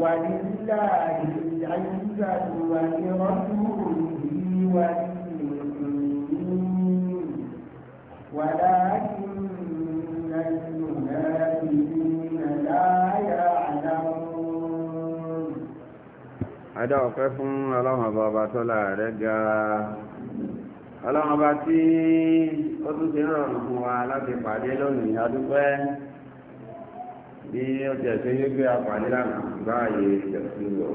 ولله العزة ولرسوله وللمؤمنين ولكن المنافقين لا يعلمون هذا وقف الله بابا طلع رجع ọlọ́run ọba tí ó tún ti rọrùn fún wa láti pàdé lónìí adúpẹ́ bí ọjà ìṣe yé gbé apàdé lánàá báyé ìjọsí wò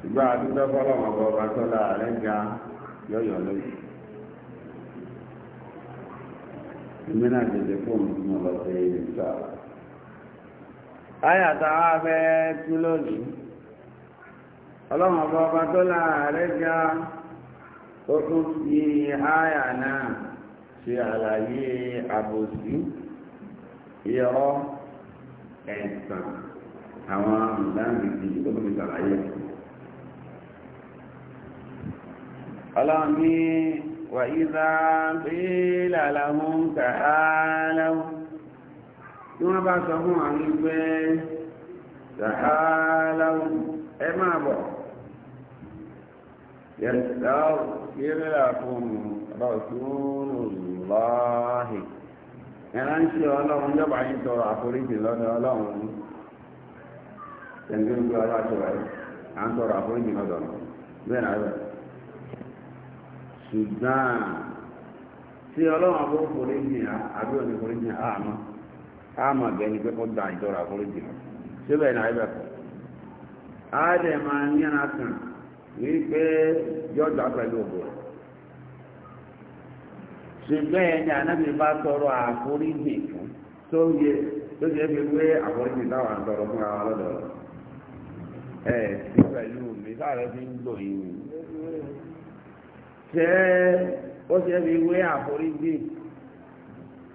ṣùgbọ́n àdúgbò fọlọ́mọ bọba ọba rẹ̀ ga yọ̀yọ̀ lóyè. èmi náà tètè fóònù tí mo lọ sí ilé tú lónìí. ó tún fi náà ṣe irọ́ ẹ̀sán àwọn ìdáǹdìdì tó tóbi sàlàyé ọlọ́run ní وإذا قيل لهم تعالوا ثم بعثهم عن البيت تعالوا إما بو يستغفر لكم رسول الله ìránṣẹ́ ọlọ́run yọba yìí tọrọ àforíjì lọ́dọ̀ ọlọ́run ní ẹ̀ńdínlógún ọlọ́run àti wáyé à ń tọrọ àforíjì lọ́dọ̀ ọ̀nà bẹ́ẹ̀ náà rẹ̀ ṣùgbọ́n tí ọlọ́run àbó foríjì àbí òní foríjì àmọ́ àmọ́ bẹ́ẹ̀ni pé kó da ìtọrọ àforíjì lọ ṣé bẹ́ẹ̀ náà rẹ̀ kọ́ á dẹ̀ máa ń yára kàn wípé yọ̀dà pẹ̀lú ṣùgbọ́n ẹni ànábì bá tọrọ àforíjì fún tó yẹ fi wé àforíjì táwọn àtọrọ fún ara lọ́dọ̀ ẹ sí pẹ̀lú mi sáré fi ń lò yìí ṣé ó ṣe fi wé àforíjì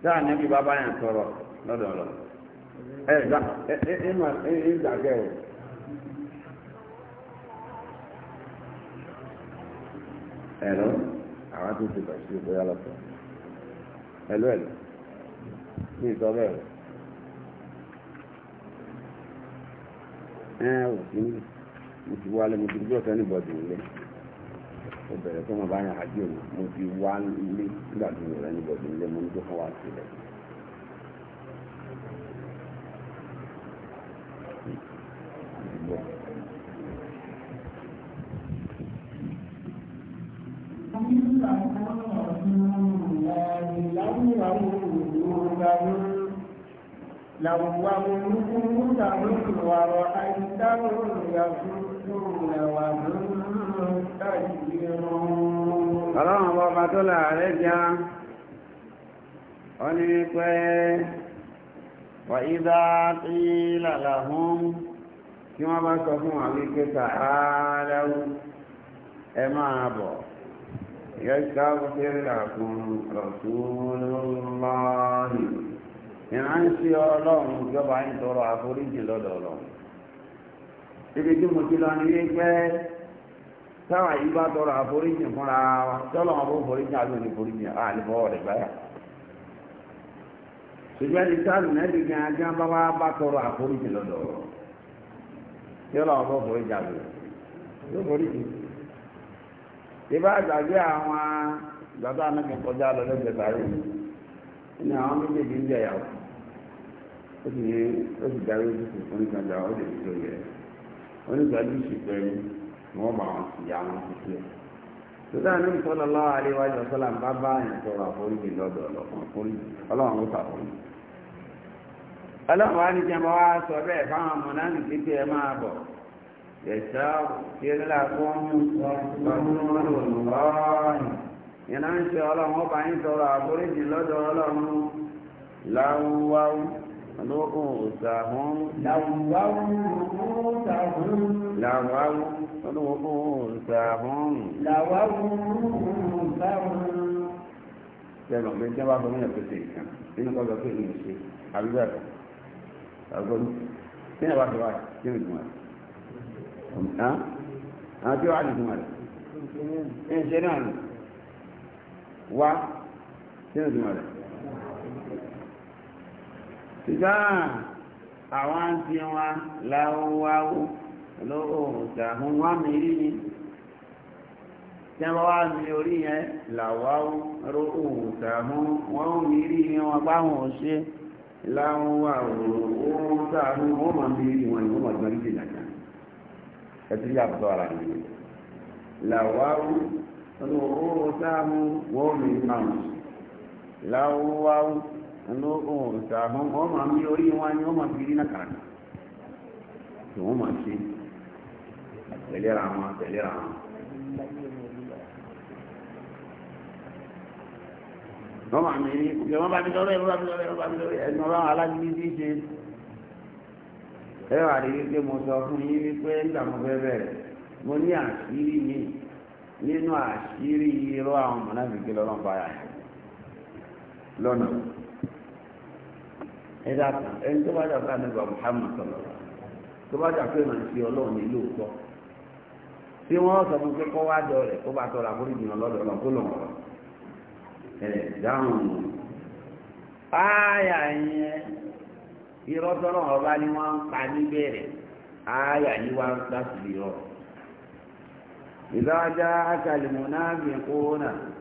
tí ànábì bá bá yàn tọrọ lọ́dọ̀ lọ ẹ ẹ ẹ ẹ dàgẹ́ ẹ̀lú ẹ̀lú ní ìtọ́lẹ̀ rẹ̀ ẹ̀ ò sí mo ti wálé mo ti gbọ́ sẹ́ni bọ́dì nílé ó bẹ̀rẹ̀ tó mo bá yàn àjò mi mo ti wálé nígbà tó rẹ̀ ní bọ́dì nílé mo ń tó fún sílẹ̀ لو ومنهم ورأيتهم يصدون وهم مستكبرون اللهم بارك الله عليك ونيكوي وإذا قيل لهم كما بكفوا عليك تعالوا أما أبو يستغفر لكم رسول الله ìrántí ọlọ́run ìjọba ń tọrọ àforíjì lọ́dọ̀ ọlọ́run ibi tí mo ti lọ ní wípé táwa yìí bá tọrọ àforíjì fúnra wa tọ́lọ́ wọn bó foríjì àbí òní foríjì à ní fọwọ́ rẹ̀ gbáyà ṣùgbọ́n ní sáà nẹ́ẹ̀dì gángan bá wá bá tọrọ àforíjì lọ́dọ̀ ọlọ́run tọ́lọ́ wọn bó foríjì àbí òní ìbá àgbàgbé àwọn gbàgbá anákẹ́kọ̀ọ́jà lọ lẹ́gbẹ̀ẹ́ báyìí ní àwọn méjèèjì ń jẹ̀yàwó. ó sì ní ó sì darí ojúṣe onígbàgbà ó lè tó yẹ onígbàgbà ìṣe pẹ̀lú wọn bá wọn sì yá wọn sí sílẹ̀. sọdá ní ìtọ́lọ lọ́wọ́ àríwájú ọ̀sọ́là ń bá bá àyàn sọ̀rọ̀ àforíjì lọ́dọ̀ ọlọ́run ló sàforíjì. ọlọ́run wa ní wọ́n wá sọ bẹ́ẹ̀ fáwọn ọmọ náà ẹ máa bọ̀ fún ọmọ رؤوسهم لووا رؤوسهم لووا رؤوسهم sẹ́nu ọ̀gbẹ́ tí wọ́n bá fọwọ́ yẹn pèsè ìkan nínú kọ́ lọ pé èèyàn ṣe àbíbẹ̀ rẹ̀ ọgbọ́n tí wọ́n bá fọwọ́ kí ni ìdùnnú rẹ̀ àwọn tí wọ́n á dùnnú rẹ̀ ń ṣe náà wá kí ni ìdùnnú rẹ̀ ṣùgbọ́n àwọn tí wọn láwọ́wáwó lọ́wọ́ ìtàhún wọn mìírí ni tí wọ́n wá mi orí yẹn làwáwó lọ́wọ́ ìtàhún wọn mìírí ni wọn báwọn ò ṣe láwọ́wáwó lọ́wọ́ wọ́n mọ̀ gbọ́n nídìí wọn ẹnu ohun a àwọn ọmọ mi orí wọn ni wọn máa fi rí nàkàrà tí wọn máa ṣe àtẹlẹ́ra wọn àtẹlẹ́ra wọn. wọ́n máa mi rí ìgbẹ́ bá mi lọ́rọ́ ẹ̀rọ bá mi lọ́rọ́ ẹ̀rọ bá mi lọ́rọ́ ẹ̀rọ ti ṣe. ẹ wà rí mo sọ fún yín wípé nígbà mo fẹ́ bẹ̀rẹ̀ mo ní àṣírí mi nínú àṣírí irọ́ àwọn báyà lọ́nà. ẹ̀dá kan ẹni tó bá dàgbà nígbà Muhammad sọ̀rọ̀ tó bá dàgbà ìmọ̀ sí ọlọ́run ní lóòótọ́ tí wọ́n sọ fún pé kọ́ wá jọ rẹ̀ kó bá tọrọ àforíjì náà lọ́dọ̀ ọ̀nà kó ẹ̀ dáhùn yẹn irọ́ tọ́nà ọba ni wọ́n ń pa níbẹ̀rẹ̀ yìí wá ń sí akalimu náà gbìn kó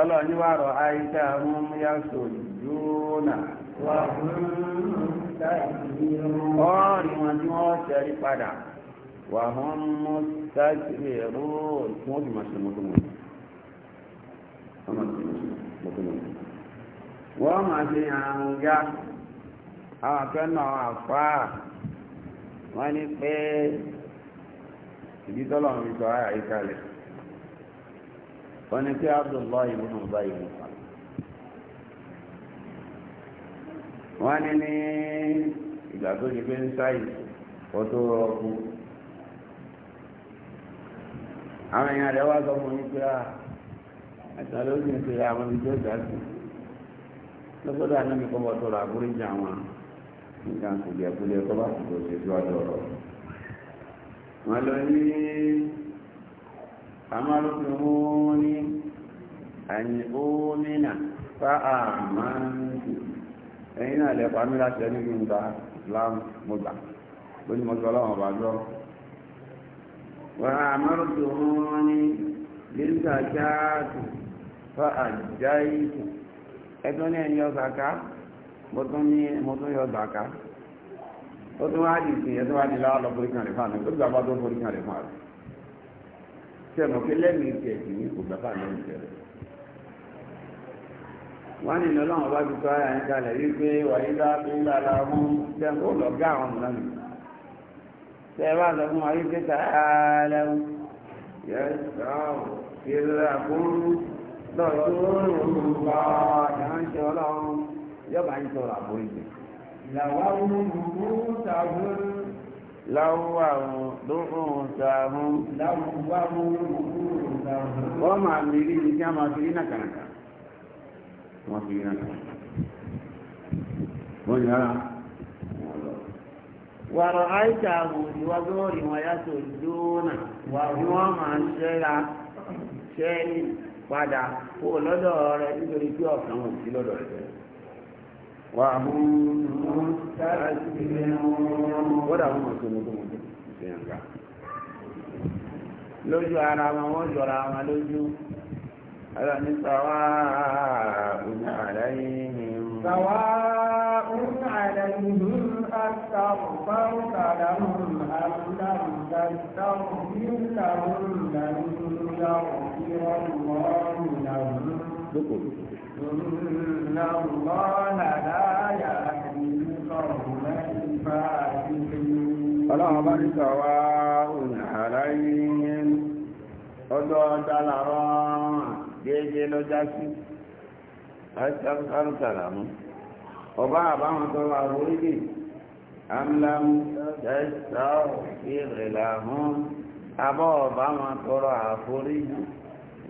ọlọ́ọ̀ni wà rọ̀ àìsà mún yàtò jóòna ọ̀rì wọn tí wọ́n ṣẹ̀rí padà wà wọ́n mú sáàkiri ẹ̀rọ tí wọ́n fi máa ṣe mọ́tòmọ́tò wọ́n máa ṣe àrùngá àwọn akẹ́nà àfáà wọ́n ní pé ìdítọ́lọ́run sọ àyíkalẹ̀ Onye ní abdullahi ibùdó ń bá wọ́n ní ní ìgbà tó ṣe pé ń sáyì kó tó rọ́ọ̀kú àwọn èèyàn rẹ̀ wá sọ fún yín pé à ẹ̀sán ló ń ṣe àwọn ibi tó ga sí lọ́gbọ́dọ̀ ànábi kọ́ bọ́ tọrọ àforíjì tó bá أمرتموني أن أؤمن فآمنت ẹ̀yin náà lẹ́pàá mi láti ẹni bí n ta Islam mo gbà lónìí mo sọ ọlọ́run ọba jọ. wàá amárùtò wọn ní lílùkà jáàtù fún àjáìtù ẹtọ́ ní ẹ̀yìn ọ̀sàká mo tún yọ ọ̀sàká ó tún wá di ìsìn ẹ̀tọ́ wá di láwọn lọ forí kan rẹ̀ fún àná tó gbà bá tó forí kan rẹ̀ fún àná sẹ́nu pé lẹ́mìí tiẹ̀ sì ní kò gbàgbà lẹ́yìn tẹ̀lẹ̀. wọ́n ní iná lọ́wọ́ bá ti tọ́ ara yẹn kalẹ̀ wípé wàyí dá bí lára wọn sẹ́nu ó lọ gá àwọn ọ̀nà mi. sẹ́ẹ̀ bá sọ fún wa yí pé ta ààlẹ́ o yẹ sọ́ọ̀ fi ra fún lọ́sọ̀rọ̀ olùkọ́ ìránṣẹ́ ọlọ́run yọba ń sọ̀rọ̀ àforíjì. ìyàwó àwọn olùkọ́ tàbí láwùwàrùn lóhùn sàáhùn wọ́n máa mìírí ní kí a máa fi rí nàkànàkà wọ́n fi rí nàkànàkà wọ́n padà kó lọ́dọ̀ rẹ̀ nítorí ọ̀kan sí lọ́dọ̀ rẹ̀ wà á mú kódà wọn mọ̀ sí ọmọdé wọn ṣe ń ga lójú ara wọn wọ́n jọra wọn lójú ara ní sàwá òun àdáyé ni sàwá òun àdáyé ni أستغفرت لهم أم لم تستغفر لهم لن يغفر الله لهم jókòó. ọlọ́run bá ní sọ̀wá ònà àláyín ọdọ́ dálárọ̀ déédéé ló já sí àìsàkárùsàlámù ọba àbáwọn tó wà lórílẹ̀ amlamu tẹ́sán ìrìnlá hàn abọ́ ọba wọn tọrọ àforíjì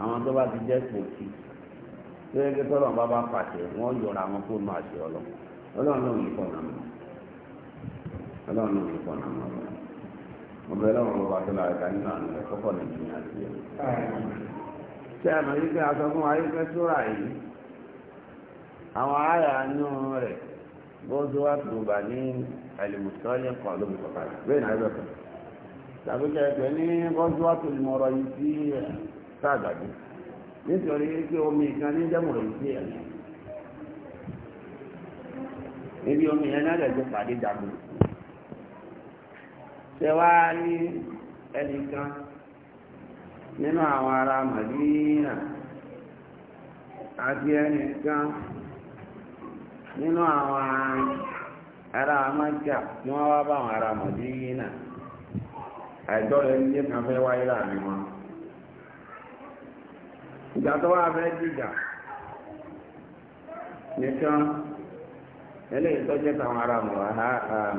àwọn tó bá ti jẹ́ pòkì tó yẹ kí tọ́lọ̀ bá bá pàṣẹ wọ́n yọra wọn kó ọlọ ọlọ́run náà nìkan náà mọ. ọlọ́run náà nìkan náà mọ̀ ọbẹ̀ lọ́wọ́ bàbá tó la ẹ̀ka nínú àná rẹ̀ kọ́kọ́ ní àti ẹ̀. ṣé àmọ́ yìí pé aṣọ fún wa yìí pé sóra yìí àwọn rẹ̀ bó tó wá ni àyẹ̀bẹ̀ kan tàbí kẹ̀kẹ́ sáàgbàdì nítorí pé omi kan ní jẹ́mọ̀ èyí ibi omi yẹn náà lẹ́jọ́ pàdé dàgbò ṣe wá ní ẹnìkan nínú àwọn ará màdínà àti ẹnìkan nínú àwọn ará amájà ni wọ́n wá bá àwọn ará màdínà àìjọ́ rẹ̀ kan ìgbà tó wà fẹ́ dìjà nìkan eléyìí tó jẹ́ táwọn ará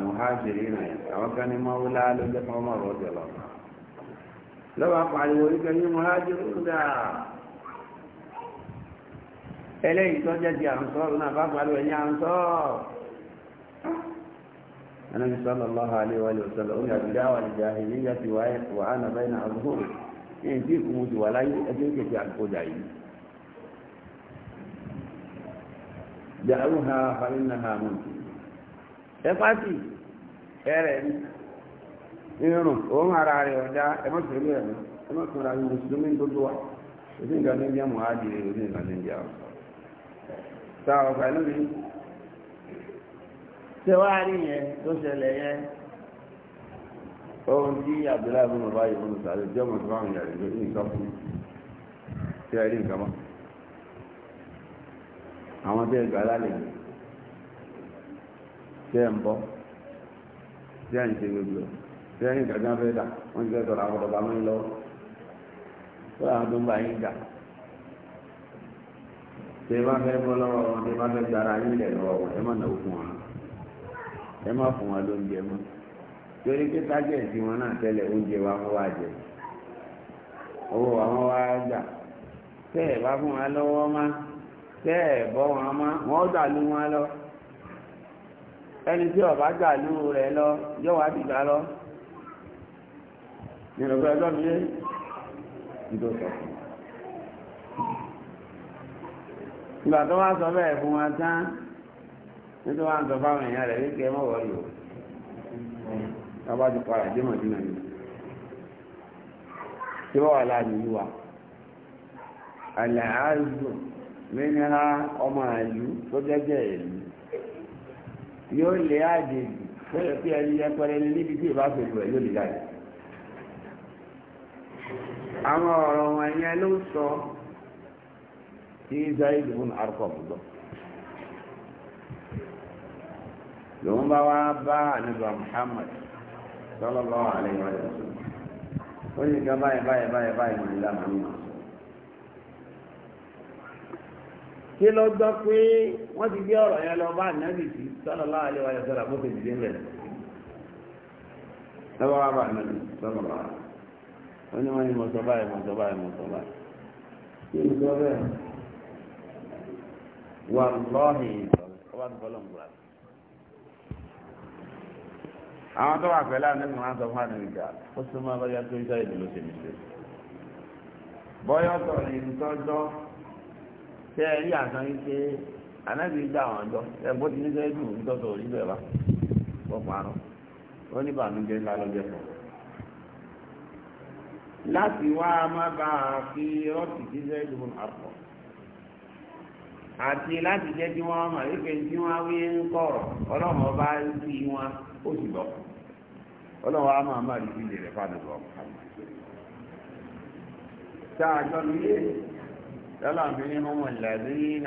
mùhájìrì rẹ̀ àwọn kan ní mọ́wúlá ló jẹ́ fún ọmọ rọ́jò lọ lọ́wọ́ pariwo wípé ní mùhájìrì rẹ̀ eléyìí tó jẹ́ ti àǹsọ́ọ̀rù náà bá pariwo ẹ̀yìn àǹsọ́ọ̀rù Ànábì sallallahu alaihi wa sallam ó ní àbídáwà ìjà ìlú yàtì wáyé wà yẹn tí èkó ti wà láyé ẹjọ́ ìkẹ̀kẹ́ àgbọ̀dà yìí. dàrú ha farinna ha irun òun ara rẹ̀ ọ̀dá ẹ má tẹ̀lé àwọn mùsùlùmí gbogbo wa òsì nǹkan ní ìyá muhadi òsì nǹkan ní ìyá ọ̀sán. sáà ọ̀gá tẹwàá rí yẹn tó ṣẹlẹ̀ ohun tí abdullahi bin ọba yìí fún ìsàlẹ̀ jẹ́ tó bá wọn yàrá ní nǹkan tí a rí nǹkan mọ́ àwọn tẹ́ gbà lálẹ́ ń bọ́ ń ṣe gbogbo ń dà wọ́n ti fẹ́ àwọn ọ̀dọ̀gbà mọ́ lọ́wọ́ tó àwọn tó ń bá yín bá fẹ́ bọ́ lọ́wọ́ wọn bá fẹ́ yín lẹ̀ lọ́wọ́ ẹ má náwó fún wọn ẹ má fún wọn lóúnjẹ mọ́. torí pé tájẹ̀tì wọn náà tẹ́lẹ̀ oúnjẹ wa wọ́n wá jẹ owó wa wọ́n wá gbà tẹ́ ẹ̀ bá fún wa lọ́wọ́ má tẹ́ ẹ̀ bọ́ wọn má wọ́n gbà lú wọn lọ ẹni tí ọba gbà lú lọ yóò wá dìgbà lọ nírọ̀gbẹ́ ọjọ́ mi yé ìdó sọ fún ìgbà tó wá sọ bẹ́ẹ̀ fún wa tán nítorí wọn sọ fáwọn èèyàn rẹ̀ wípé ẹ mọ̀ wọ́ọ̀lù o tàbá ti padà dé mọ̀dínà ni tí wọ́n wà láàrin ìlú wa àlàáàrùn mẹ́nira ọmọ àlú tó jẹ́jẹ́ ìlú yóò lè àjèjì fẹ́rẹ̀ pé ẹni yẹpẹrẹ ní níbi tí ìbá fèrè rẹ̀ yóò lè jáde àwọn ọ̀rọ̀ wọn yẹn ló sọ tí Zaid ibn Arqam gbọ́ lòun bá wá bá àníbà Muhammad sallallahu alaihi wa sallam ó ní nǹkan báyìí báyìí báyìí báyìí mọ̀ nílá mọ̀ nínú kí ló gbọ́ pé wọ́n ti gbé ọ̀rọ̀ yẹn lọ bá ànábì sí sallallahu alaihi wa sallam bó ti dìde ń bẹ̀rẹ̀ lọ́wọ́ wa bá ànábì sallallahu alaihi wa sallam ó ní wọ́n ní mọ̀ sọ báyìí mọ̀ sọ báyìí mọ̀ sọ báyìí kí ni sọ bẹ́ẹ̀ wàlúwàhìn ọba tó fọlọ́ ń gbọ́ra àwọn tó wà pẹ̀lú àníbi wọn sọ fún àníbìkà ó sì máa bọ́yá tó iṣẹ́ ìlú ló ṣe ṣe bọ́yọ́tọ̀ ní tọ́jọ́ tẹ́ ẹ àtàn yìí pé ànábì gbà àwọn ọjọ́ ẹ bó ti ní sẹ́yìn dùn nítọ́tọ̀ orí bẹ́ẹ̀ bá bọ́ parọ́ ó ní bànújẹ́ ńlá lọ́jọ́ fún un láti a fi rọ́ọ̀tì tí àti láti jẹ́ kí wọ́n wọ́n wí ń ọlọ́wọ́ a máa máa rí ìdíje rẹ̀ fáànù lọ tá a jọ ní mi الذين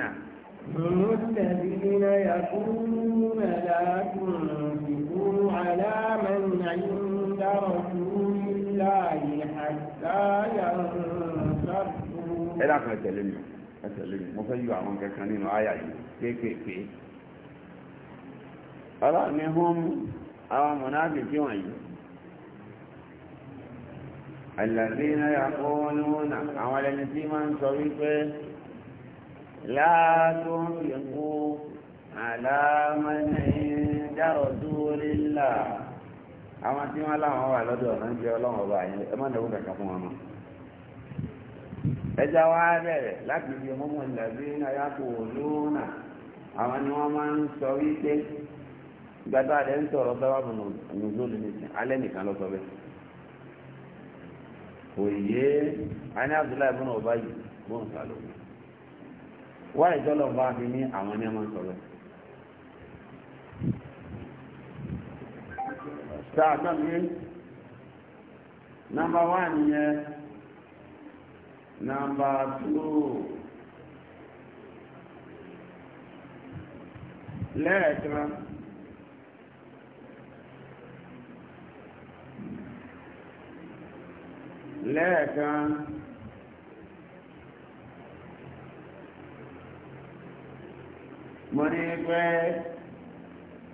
يقولون لا تنفقوا على من عند رسول الله حتى ينفقوا. إلى آخر الكلمة. ẹsẹ̀lẹ̀ mo fẹ́ yọ àwọn kankan nínú àyà yìí kéékèèké ọlọ́ni hún àwọn mọ̀náàbì tí wọ́n yìí الذين يقولون أولا من صريفه لا تنفقوا على من عند رسول الله àwọn tí wọ́n láwọn wà lọ́dọ̀ ọ̀nà jẹ́ ọlọ́wọ̀n ọba àyẹn ẹ má dẹ̀wọ́ kàkà fún wọn mọ́ ẹja wa bẹ̀rẹ̀ láti fi mọ́mọ́ ìlàbí náà kò lóòrùn àwọn ni wọ́n máa ń sọ wípé gbadá rẹ̀ ń sọ̀rọ̀ bẹ́wà bùnú nìjọ́ lónìí alẹ́ nìkan lọ́sọ bẹ́ẹ̀ òye ani abdullahi bin ọba yìí bó ń sàlọ wá ìjọlọ bá fi ní àwọn ní ẹmọ sọ̀rọ̀ sáà sọmi nàmbà wá nìyẹn nàmbà tó lẹ́ẹ̀kan. lẹ́ẹ̀kan mo ní pé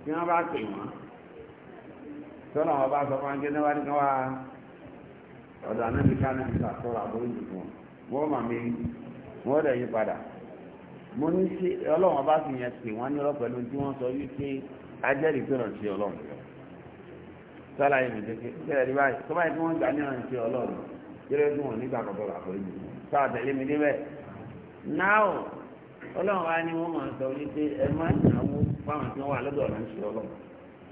tí wọ́n bá pè wọ́n tọ́nà ọba sọ fún akẹ́ níwájú kan wá ọ̀dọ̀ anábìká náà ń sàtọ́rọ̀ àbúrò ìdìbò wọ́n mà mí wọ́n dẹ̀ yí padà mo ní ṣe ọlọ́run ọba sì yẹn pè wọ́n nírọ̀ pẹ̀lú tí wọ́n sọ wípé ajẹ́rìí pé ọ̀nà ṣe ọlọ́run sálàyé mi kékeré bẹ́ẹ̀ rí báyìí tó báyìí tí wọ́n gbà ní ọ̀nà ṣe ọlọ́run kílódé wọn nígbà kọ̀ọ̀kan wà pẹ̀lú sọ àtẹ̀lé mi débẹ̀ náà ọlọ́run wa ni wọ́n máa sọ wípé ẹ má náwó fáwọn tí wọ́n wà lọ́dọ̀ ọ̀nà ìṣẹ́ ọlọ́run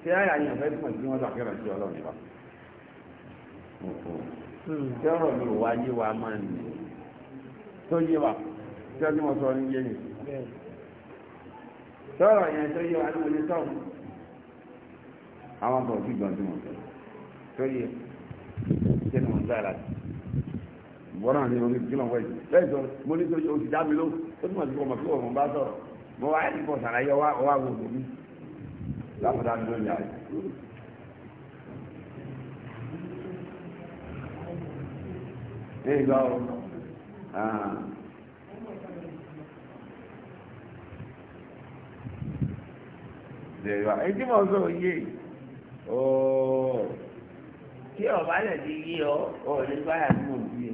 tí àyà yẹn fẹ́ fún ìdí wọn tó àkẹ́rọ̀ ìṣẹ́ ọlọ́run nípa tí ọ̀rọ̀ mi ò wá wa máa ń lò tó yé wa tí ọdún wọn sọ ní yé ni sọ̀rọ̀ yẹn tó yé wa ní sọ̀rọ̀ àwọn kan ò fi gbọ́n tí mo sọ tó yé tí mo ń gbà láti wọ́n náà ní orí kílọ̀ wẹ̀ yìí bẹ́ẹ̀ sọ mo ní sọ́jọ́ oṣù dábì ló ó túmọ̀ sí ọmọ tí òun bá sọ̀rọ̀ mo wá ní kọ̀ sàlàyé wá wá wò lómi lápàdá mi ló yà á. ẹ gbà ọ dèrò ẹ tí mo sọ yé ooo tí ọba lè di yí ọ ọ lè báyà tí mo bí yẹ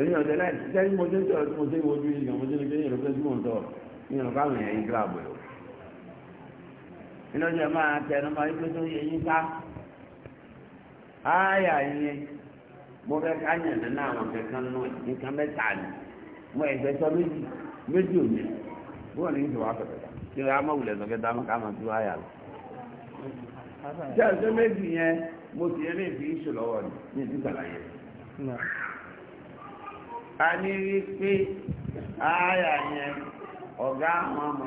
èyí ọ̀dẹ́ láì jẹ́ ní mo ṣe ń tọ̀ tí mo ṣe ń wojú yìí gan mo ṣe ń gbé yìnyín lókè tí mo ń tọ̀ yìnyín lókè àwọn èèyàn yìí gbà bọ̀ ọ́. ìlọ́jọ́ máa tẹnu máa yíké tó yẹ yín ká ááyà yẹn mo fẹ́ ká yàn nínú àwọn kankan náà nǹkan mẹ́ta ni mo ẹ̀fẹ́ sọ méjì méjì ò ní bóyá ní ìṣòwò àpẹẹrẹ kí ló ama wulẹ̀ sọ̀kẹ́ dáná ká máa tú àyà lọ. jẹ́ ẹ̀sẹ̀ méjì yẹn mo ti yẹ ní ìfi ìṣòlọ́wọ́ ni ní ìdí a ní rí pé ààyà yẹn ọ̀gá àwọn lọ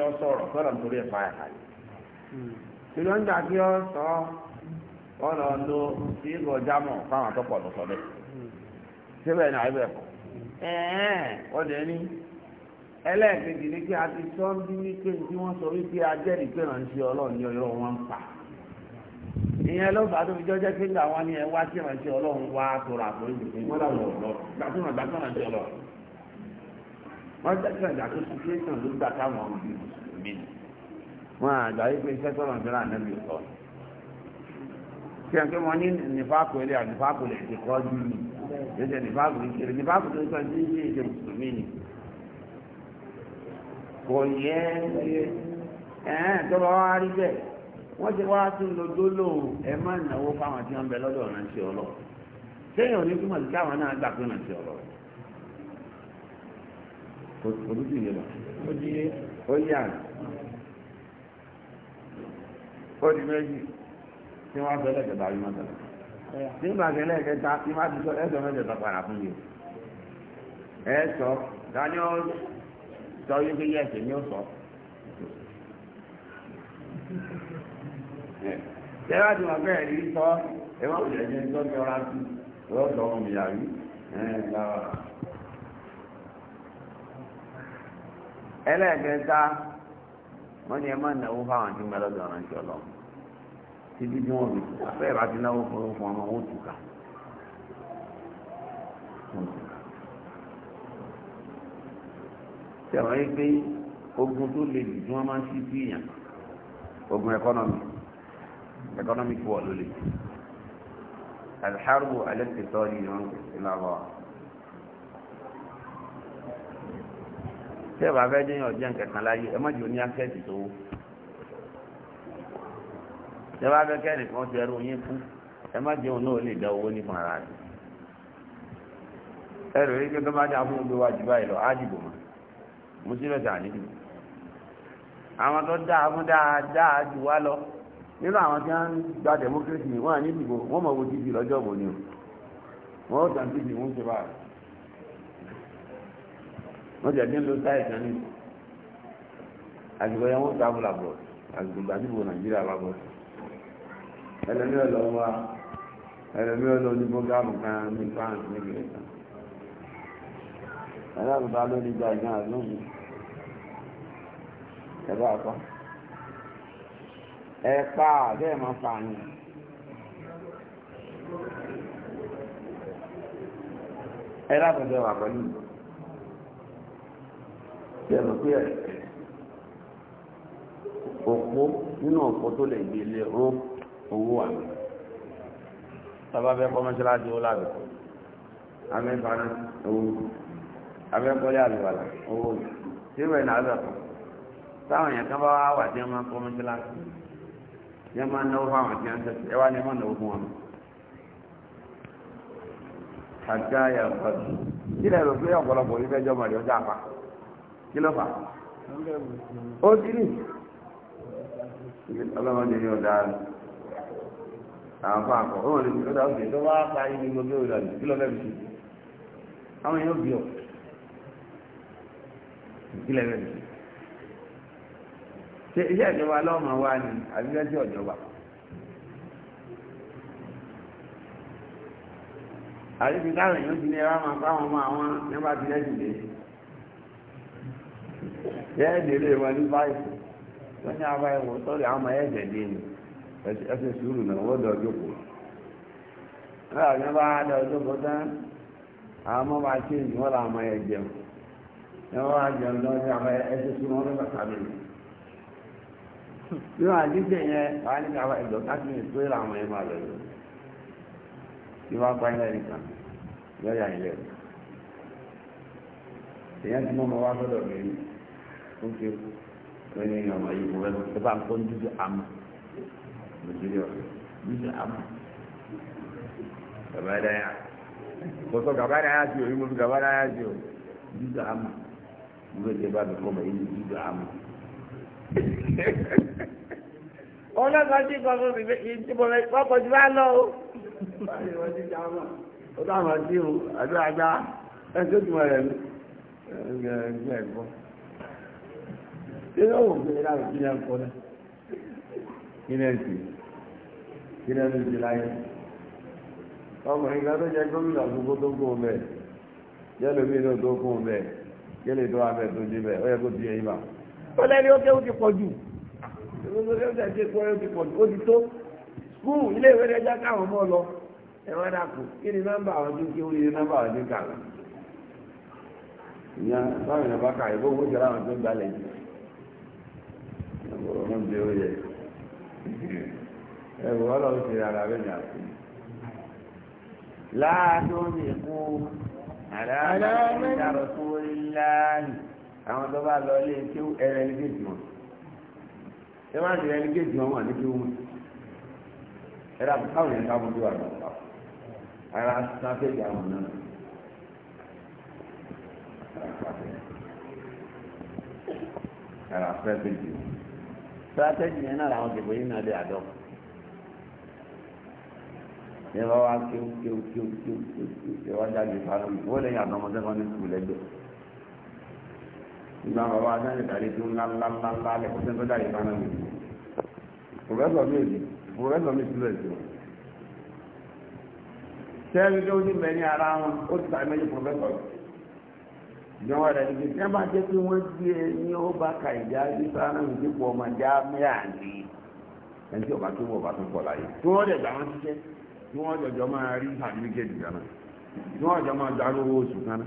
lọ sọ̀rọ̀ sọ̀rọ̀ nítorí ẹ̀fà ẹ̀fà yìí. ṣùgbọ́n nígbà tí ọ sọ ọ̀nà lo sí ìgò jámọ̀ fáwọn àtọ́pọ̀ lọ sọ bẹ́ẹ̀. síbẹ̀ ní àyẹ̀bẹ̀ kọ̀. ẹ̀ẹ́n ọ̀dẹ ní ẹlẹ́ẹ̀kejì kí a ti sọ bí wípé tí wọ́n sọ wípé ajẹ́rìí pé ràn ń ṣe ní ọyọ́ wọn ìyẹn ló fà tó fi jọ́jẹ́ pé nígbà wọn ni ẹ wá sí ìrántí ọlọ́run wá tọrọ àforíjì fún wọn làwọn ọ̀dọ́ gbàtúmọ̀ gbàtúmọ̀ ìrántí ọlọ́run. jẹ́ kí ẹ̀dá tó ti fi èsàn ló gbà káwọn òbí mi. wọ́n àgbà yìí pé iṣẹ́ tọ́lọ̀ ń fẹ́ràn ànábì ọ̀tọ̀. kí ẹ̀ pé wọ́n ní nífàkù ẹ̀rẹ́ ànífàkù lè ti kọ́ ju mi lóṣẹ̀ nífàkù tó ń sọ wọ́n ti wá sí lo gbólóhùn ẹ má náwó fáwọn tí wọ́n lọ́dọ̀ ránṣẹ́ ọlọ́ sẹ́yìn ọlọ́ tí wọ́n fẹ́ lẹ́kẹ̀ẹ́ta lẹ́kẹ̀ẹ́ta tí wọ́n ti sọ ẹ̀sọ́ mẹ́tẹ̀ẹ̀ta padà fún ṣẹ́wá ti mọ̀ pé ẹ̀rí sọ ẹ má wùlẹ̀ jẹ́ sọ ọ̀rá sí lọ́dọ̀ ọmọ ìyá rí ẹlẹ́ẹ̀kẹta wọ́n ní ẹ má fáwọn tí mo lọ́dọ̀ ọ̀rá ń ṣe síbi tí wọ́n fi afẹ́ ìbá ti náwó fún ọmọ ọmọ wọn tù ká. ṣẹ̀wọ̀n pé ogun tó le jù tí wọ́n máa ń ṣí sí ìyàn ogun ẹkọ́nọ́mì economic war ló lè alḥarbu alẹ́tẹ̀tọ́rì ni wọ́n pèsè lábọ́ tí ẹ bá fẹ́ dín ọ̀jẹ́ nǹkankan láyé ẹ má jò ní akẹ́ẹ̀tì tó wó tí ẹ bá fẹ́ kẹ́rin kan ti ẹrú yín kú ẹ má jẹun náà lè dá owó nípa ara rẹ̀ ẹ rò rí pé tó bá dá gbé wájú báyìí lọ á dìbò mo sì lọ sí àníbì àwọn tó dáa fún dáadáa jù wá lọ nínú àwọn tí wọ́n ń gba democracy wọ́n ní ìdìbò wọ́n mọ̀ wo tv lọ́jọ́ òbò ni o wọ́n tàn tv wọ́n ṣe báyìí wọ́n jẹ̀ nílùú táyì kan ní àgbègbè yẹn wọ́n travel abroad àgbègbè àdìbò nàìjíríà lábọ̀ ẹlẹ́mìíràn lọ wá ẹlẹ́mìíràn lọ ní bọ́gáàmù kan ní france ní ìgbèrè kan ẹlẹ́mìíràn lọ ní gbàgbọ́n àlóhùn ẹ̀rọ àpá ẹ̀pà bẹ́ẹ̀ máa fà ní. ẹ lábẹ́jọ wà pẹ̀lú ìṣẹ̀lẹ̀ pé òpó nínú òpó tó lè gbé lé ró owó wà ní. sábà bẹ́ẹ̀ kọ́mọ́ṣáláṣí ó lábẹ́ amẹ́fàánà owó abẹ́kọ́lé àlùwàlà owó síbẹ̀ náà bẹ̀ kọ́ táwọn èèyàn kan bá wà tí wọ́n máa kọ́mọ́ṣáláṣí yẹn máa náwó fún àwọn tí wọ́n ń tẹ̀sí ẹ wá ní ẹ máa náwó fún wọn. àti àyà ọ̀pọ̀lọpọ̀ kí lè rò pé ọ̀pọ̀lọpọ̀ yìí fẹ́jọ́ mọ̀lẹ́ ọjà àpá kí ló fà ó ti ní ọlọ́mọdé ni ọ̀dà àwọn fún ó lè fi ọ̀dà òkè tó wá pa ibi gbogbo ìlànà kí ló fẹ́ fi àwọn èèyàn bí ọ̀ kí lè fẹ́ fi ṣe iṣẹ́ ìjọba lọ́mọ wa ni àbíjẹ́ ọ̀jọba àríbi káwọn èèyàn ti ní ẹwà máa báwọn ọmọ àwọn nígbà tí lẹ́sìn dé yẹ́ẹ̀dẹ̀ lè wọ ní báyìí wọ́n ní abáyé wọ sọ́rí àwọn ọmọ ẹ̀ẹ́dẹ̀ dé ni ẹsẹ̀ sùúrù náà wọ́n dọ̀ jókòó náà ní bá dọ̀ jókòó tán àwọn ọmọ bá ṣe làwọn ọmọ wọn yóò àdíjẹ̀ yẹn wà ní káwà ẹ̀dọ̀ láti ní ìtò ìlà àwọn ẹ̀mọ́ àlọ́ yìí tí wọ́n pa ilẹ̀ nìkan lọ́yà ilẹ̀ èèyàn ti mọ́ ọmọ wa gbọ́dọ̀ mi ó ti wọ́n ní ọmọ yìí kò wẹ́n tó bá ń kó dúdú àmú nàìjíríà dúdú àmú bàbá dáyà kòtò bàbá dáyà ti o ìmọ̀ bàbá dáyà ti o dúdú àmú gbogbo ìdè bá mi kọ́ mọ̀ yìí dúdú ọlọ́kan tí kan fún mi tí mo rẹ̀ pọ́pọ̀ jù bá lọ o. ó dáhùn àti ìhùn àdó àgbà ẹni tó tún rẹ̀ mí ẹgbẹ́ ẹ̀gbọ́n. nínú òun pé láti kí ni ẹ ń kọ́ náà kí ni ẹ ń tì kí ni ẹ ń tì láyé. ọkùnrin kan tó jẹ gómìnà gbogbo tó kún un bẹ́ẹ̀ yẹ́lòmíì náà tó kún un bẹ́ẹ̀ yẹ́lòmíì tó wà bẹ́ẹ̀ tó dé bẹ́ẹ̀ ó yẹ kó ti yẹ yín báwọn tọ́lẹ́ni ó kéwù ti pọ̀ jù ó ti tó skul ilé ìwé rẹ̀ já káwọn mọ́ lọ ẹ̀wọ́n dàkú kí ni nọ́mbà àwọn tó kéwù ni nọ́mbà àwọn tó kàwé ìyá báwọn èèyàn kà ìbò owó jọra àwọn tó ń gbalẹ̀ jù ẹ̀wọ̀n ọ̀nà ìbí ó ẹ̀wọ̀n ọ̀nà ó ṣe ara rẹ̀ yàn sí. láàánú mi kú àdáyé ìdárò tó rí láàyè àwọn tó bá lọ ilé tí ẹrẹ ní géèjì wọn tí wọn ti rẹ ní géèjì wọn wọn ní kí wọn ẹrẹ àbúkáwọn yẹn káwọn tó wà lọ pa ara sáfẹ́jì àwọn náà ara sáfẹ́jì wọn sáfẹ́jì yẹn náà làwọn tìbò yìí náà lè àdọ́ yẹn bá wá kéwkéwkéwkéwkéw yẹn wá jáde fáwọn wọlé yàtọ̀ ọmọdé kan ní sùkúl ẹgbẹ́ ìgbà bàbá adáyẹ̀ tàbí tó ńláńláńlá lẹ́kọ̀ọ́ sẹ́ńtọ́ dá ìbá náà nìyí pòfẹ́sọ̀ mi èdè pòfẹ́sọ̀ mi sílẹ̀ sí wọn sẹ́ẹ̀rí tó ní bẹ̀ ní ara wọn ó ti tàbí méjì pòfẹ́sọ̀ ìjọba rẹ̀ ní kí wọ́n bá jẹ́ pé wọ́n gbé e ní ó bá ka ìjà bí sáárà ní dípò ọmọ ìjà mẹ́à ní ẹni tí ọba tó wọ̀ bá tó pọ̀ láyé tí wọ́n dẹ̀ gbà wọ́n ṣiṣẹ́ tí wọ́n jọjọ máa rí sàdúrígẹ̀dì kan náà tí wọ́n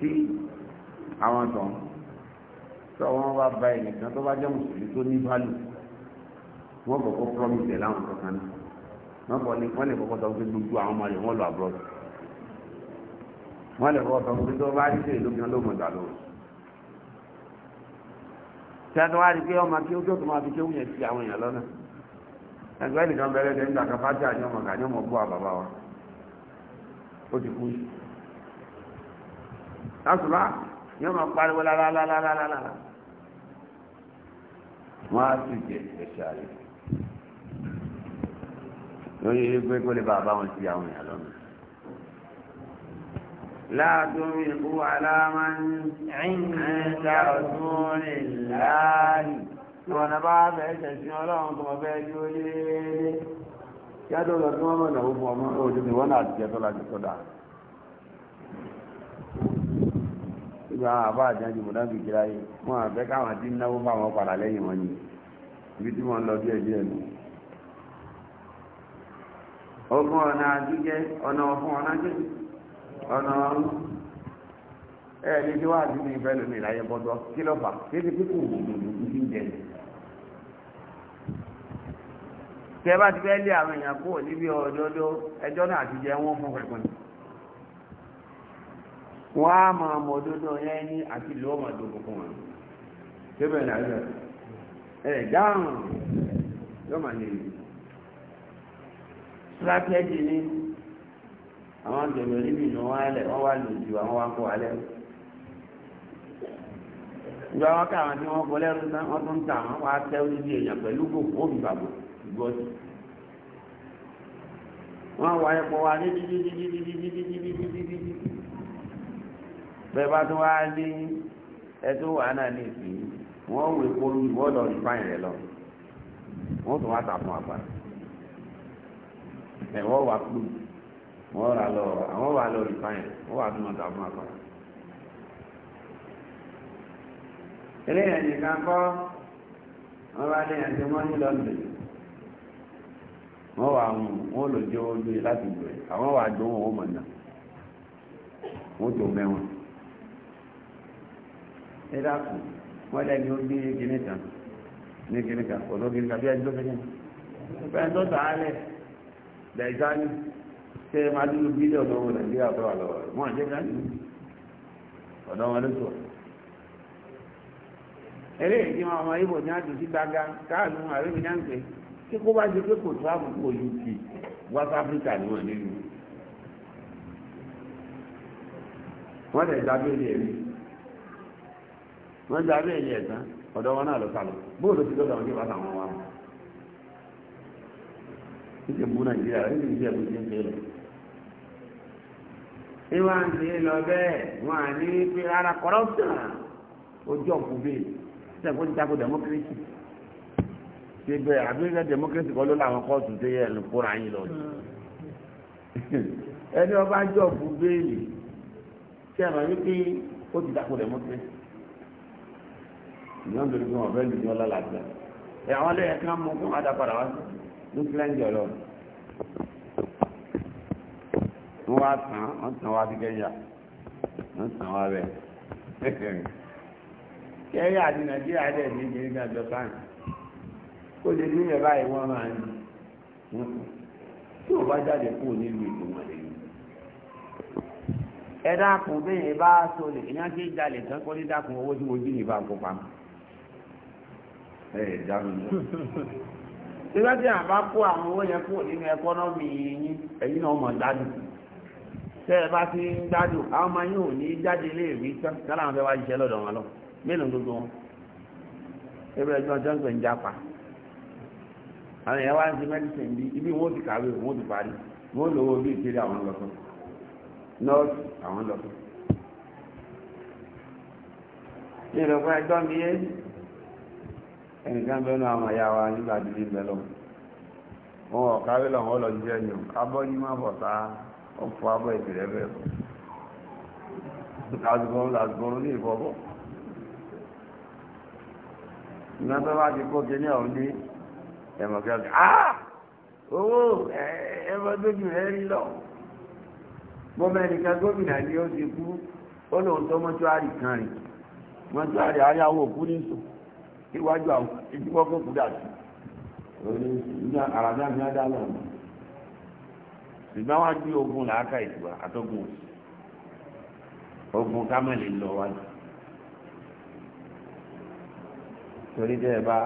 sí àwọn tán tó wọ́n wá bá ẹnìkan tó bá jẹ́ mùsùlùmí tó ní bálù wọ́n kọ́kọ́ promise ẹ̀ láwọn kankan náà wọ́n kọ́ wọ́n lè kọ́kọ́ sọ pé gbogbo àwọn ọmọ rẹ̀ wọ́n lọ abroad wọ́n lè kọ́kọ́ sọ pé tó bá rí sí èlò kan ló mọ̀ gbà lóru tẹ́tọ́ wá rí pé ọmọ kí ó tó tó máa fi kéwù yẹn ti àwọn èèyàn lọ́nà ẹgbẹ́ nìkan bẹ̀rẹ̀ lẹ́yìn ìgbà kan fájà ní kà lásùbá yóò máa pariwo lálálálálálá wọ́n á sì jẹ ẹ̀ṣẹ̀ ààrẹ lórí ẹgbẹ́ kó lè bá bá wọn sí àwọn èèyàn lọ́nà láàdùn ìbú aláàmán ẹ̀ńdà ọ̀tún láàyè tí wọ́n bá fẹ́ ṣẹ̀sìn ọlọ́run tó wọ́n fẹ́ dúró lé yàtọ̀ lọ sí wọn mọ̀nà ó fún ọmọ òjò ni wọ́n náà jẹ́ tó lájú tó dáa ìgbà àwọn àbá àjánjú mọ̀dá fi kíra yìí wọn àfẹ́ káwọn tí náwó bá wọn padà lẹ́yìn wọn ni ibi tí wọ́n lọ díẹ̀ díẹ̀ nù. ogun ọ̀nà àjíjẹ́ ọ̀nà ọ̀fún ọ̀nà jẹ́jì ọ̀nà ọ̀run ẹ̀ ní tí wàá sí ní ìfẹ́ lómi ìlàyé bọ́dọ̀ kí ló fà kéde kíkù òdòdó ti ń jẹ tẹ bá ti fẹ́ lé àwọn èèyàn kúrò níbi ọ̀dọ́dọ́ wọ́n á máa mọ̀ òdodo yẹn ní àti ìlú ọmọ ìdókò fún wọn síbẹ̀ ní àjọ ẹ̀ dáhùn yóò máa lè rí strategy ni àwọn àgbẹ̀rẹ̀ níbi ìlú wọn alẹ̀ wọ́n wá lò jù àwọn wákò alẹ́ ìgbà wọn ká àwọn tí wọn bọ lẹ́rú náà wọ́n tún ń ta àwọn wá tẹ́ oníbi èèyàn pẹ̀lú gbogbo òbí bàbò ìgbọ́sí wọ́n wá ẹ̀pọ̀ wa ní dídídídídídídídídídí bẹ́ẹ̀ bá tó wá dé ẹ tó wà náà ní ìsìn wọ́n wò polú wọ́n lọ rí fáìn rẹ lọ wọ́n tún wá ta fún àgbà ẹ̀ wọ́n wà kú wọ́n rà lọ àwọn wà lọ rí fáìn wọ́n wà tún wọ́n ta fún àgbà. eléyàn nìkan kọ́ wọ́n bá léyàn tí wọ́n ní lọ́ndọ̀ wọ́n wà mú wọ́n lò jẹ́ ojú láti gbé àwọn wà dùn wọ́n mọ̀ náà wọ́n tó mẹ́wọ̀n ẹ̀dá kù wọ́n lẹ́ni ó gbé gíní kan ní gíní kan kò ló gíní kan bí ẹni tó gíní ẹni tó tà á lẹ̀ lẹ́ẹ̀dá ní ṣé ẹ máa dúró bílíọ̀nù owó nàìjíríà tó wà lọ́wọ́ rẹ̀ wọ́n àjẹ́ dání ọ̀dọ́ wọn ló sọ. eré ìdí wọn ọmọ ibo ní àjò sí gbàgà káàlù àríwí náà ń pè kí kó bá ṣe pé kò tó àbùkù uk west africa ni wọn nílùú wọn lè dábìlì ẹ̀rí wọ́n gba abẹ́ ẹ̀yẹ ẹ̀tàn ọ̀dọ̀ wọn náà lọ sálọ bóòlù ti lọ́dọ̀ àwọn ìwà àtàwọn wa wọn. títí mú nàìjíríà rẹ̀ níbi ìjẹ́ ìbùsí ń pè lọ. ìwà ń ṣe lọ bẹ́ẹ̀ wọn à ní pé rárá corruption ojú ọ̀pù bíi sẹ́kọ̀ọ́ ti tako democracy ṣe bẹ́ẹ̀ àbíyẹ́sẹ̀ democracy kọ́ ló láwọn kóòtù tó yẹ ẹ̀lú kóra yín lọ. ẹni ọba jọ̀ọ̀pù bẹ́ẹ̀lì ṣe àmọ́ wípé ó ti tako democracy ìyọ́n tó dùn ọ̀fẹ́ lùdí ọlá làgbà ẹ àwọn ilé ẹ̀ka mú fún àdàpadà wá sí ní kílẹ̀ǹdì ọlọ́run wọ́n wá tàn wọ́n tàn wá sí kẹ́yà wọ́n tàn wá bẹ́ẹ̀ kẹ́yà àti nàìjíríà dẹ̀ ní ìgbéríga japan ó lè ní ìyẹn báyìí wọ́n máa ń tí ò bá jáde kúrò nílùú ìlú wọn lè ẹ dákun bẹ́ẹ̀ bá sọ lè ìyá kí jalè tán kọ́ ní dákun owó tí mo jí ní ìbá kópa mọ́ nígbà tí a bá kó àwọn owó yẹn kúrò nínú ẹkọ́nọ́mì yìí ẹ̀yìn náà mọ̀ gbádùn tẹ́ ẹ bá ti ń gbádùn àwọn ọmọ yìí ní jáde ilé ìwé tán tẹ́lá àwọn fẹ́ wá lọ́dọ̀ wọn lọ mélòó gbogbo wọn ẹgbẹ́ ẹjọ́ ọjọ́ ń pè ń jápa àwọn èèyàn wá ń ṣe mẹ́dísìn bí ibi wọn ò ti kàwé wọn ò ti parí wọn ò lówó bí ìkéré àwọn lọ́tọ́ nọ́ọ̀sì àwọn lọ́tọ́ ní ìrọ̀pọ̀ ẹjọ́ mi yé ẹnìkan bẹ́ẹ̀ náà àmà yà wá nígbà dídí ń bẹ lọ wọn ò lọ wọn lọ jíjẹ ẹni o abọ́ yìí má bọ̀ tá ó fọ abọ́ ìbìrẹ́ bẹ́ẹ̀ bọ̀ lásìkò lásìkò ní ìfọ̀bọ̀ ìgbà tó bá ti kó kíní ọ̀hún ní ẹ̀mọ̀kẹ́ ọ̀gá ah owó ẹ̀fọ́ dójú rẹ̀ rí lọ gbọ́mọ ẹnìkan gómìnà ni ó ti kú ó lóun tó mọ́tò àrí kan rìn mọ́tò àrí ayáwó òkú ní sùn iwájú àwọn ìdíwọ́ kò kú dà sí ní ara ní àmì àdá náà ṣùgbọ́n wá gbé ogun làákà ìtura àtọ́gùn ogun kámẹ́lì lọ wájú torí tẹ́ ẹ bá